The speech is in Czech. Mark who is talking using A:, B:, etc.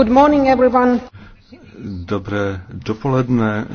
A: Good morning, everyone.
B: Dobré dopoledne.